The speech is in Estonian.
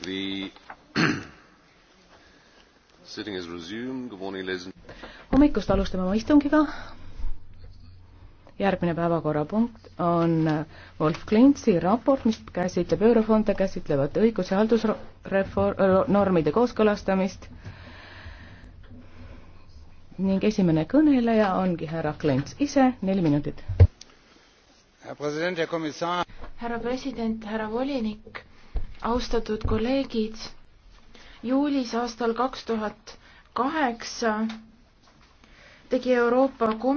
hommikust alustame oma istungiga. järgmine päevakorrapunkt on Wolf Klintsi raport, mis käsitleb eurofonde käsitlevate õigus- ja haldusnormide kooskõlastamist. ning esimene kõneleja ongi härra Klints ise, neli minutit. härra president, härra volinik austatud kolleegid, juulis aastal kaks tuhat kaheksa tegi Euroopa Komisjon